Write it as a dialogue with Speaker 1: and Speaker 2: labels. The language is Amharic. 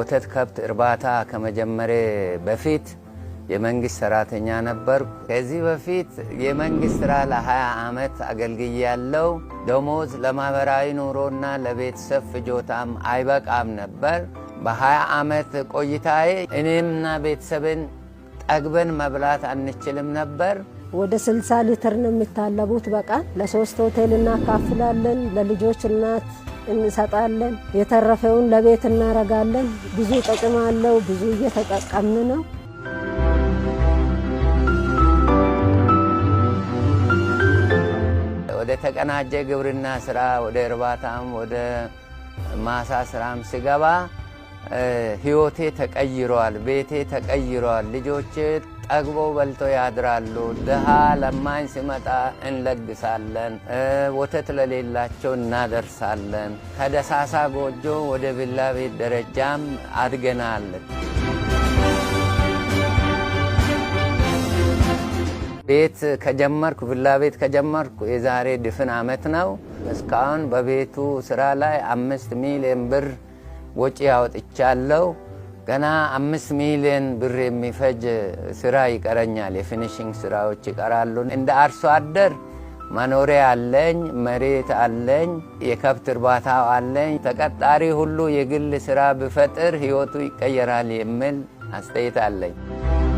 Speaker 1: የወተት ከብት እርባታ ከመጀመሬ በፊት የመንግስት ሰራተኛ ነበር። ከዚህ በፊት የመንግስት ስራ ለ20 ዓመት አገልግዬ ያለው ደሞዝ ለማህበራዊ ኑሮና ለቤተሰብ ፍጆታም አይበቃም ነበር። በ20 ዓመት ቆይታዬ እኔምና ቤተሰብን ጠግበን መብላት አንችልም ነበር።
Speaker 2: ወደ 60 ሊትር ነው የሚታለቡት በቃ ለሶስት ሆቴል እናካፍላለን። ለልጆች እናት እንሰጣለን። የተረፈውን ለቤት እናረጋለን። ብዙ ጥቅም አለው። ብዙ እየተጠቀምን ነው።
Speaker 1: ወደ ተቀናጀ ግብርና ስራ ወደ እርባታም ወደ ማሳ ስራም ስገባ ህይወቴ ተቀይረዋል፣ ቤቴ ተቀይረዋል፣ ልጆቼ ጠግበው በልተው ያድራሉ፣ ድሃ ለማኝ ሲመጣ እንለግሳለን፣ ወተት ለሌላቸው እናደርሳለን፣ ከደሳሳ ጎጆ ወደ ቪላ ቤት ደረጃም አድገናል። ቤት ከጀመርኩ ቪላ ቤት ከጀመርኩ የዛሬ ድፍን ዓመት ነው። እስካሁን በቤቱ ስራ ላይ አምስት ሚሊዮን ብር ወጪ አውጥቻለሁ ገና አምስት ሚሊዮን ብር የሚፈጅ ስራ ይቀረኛል። የፊኒሽንግ ስራዎች ይቀራሉ። እንደ አርሶ አደር መኖሪያ አለኝ፣ መሬት አለኝ፣ የከብት እርባታ አለኝ። ተቀጣሪ ሁሉ የግል ስራ ብፈጥር ህይወቱ ይቀየራል የሚል አስተያየት አለኝ።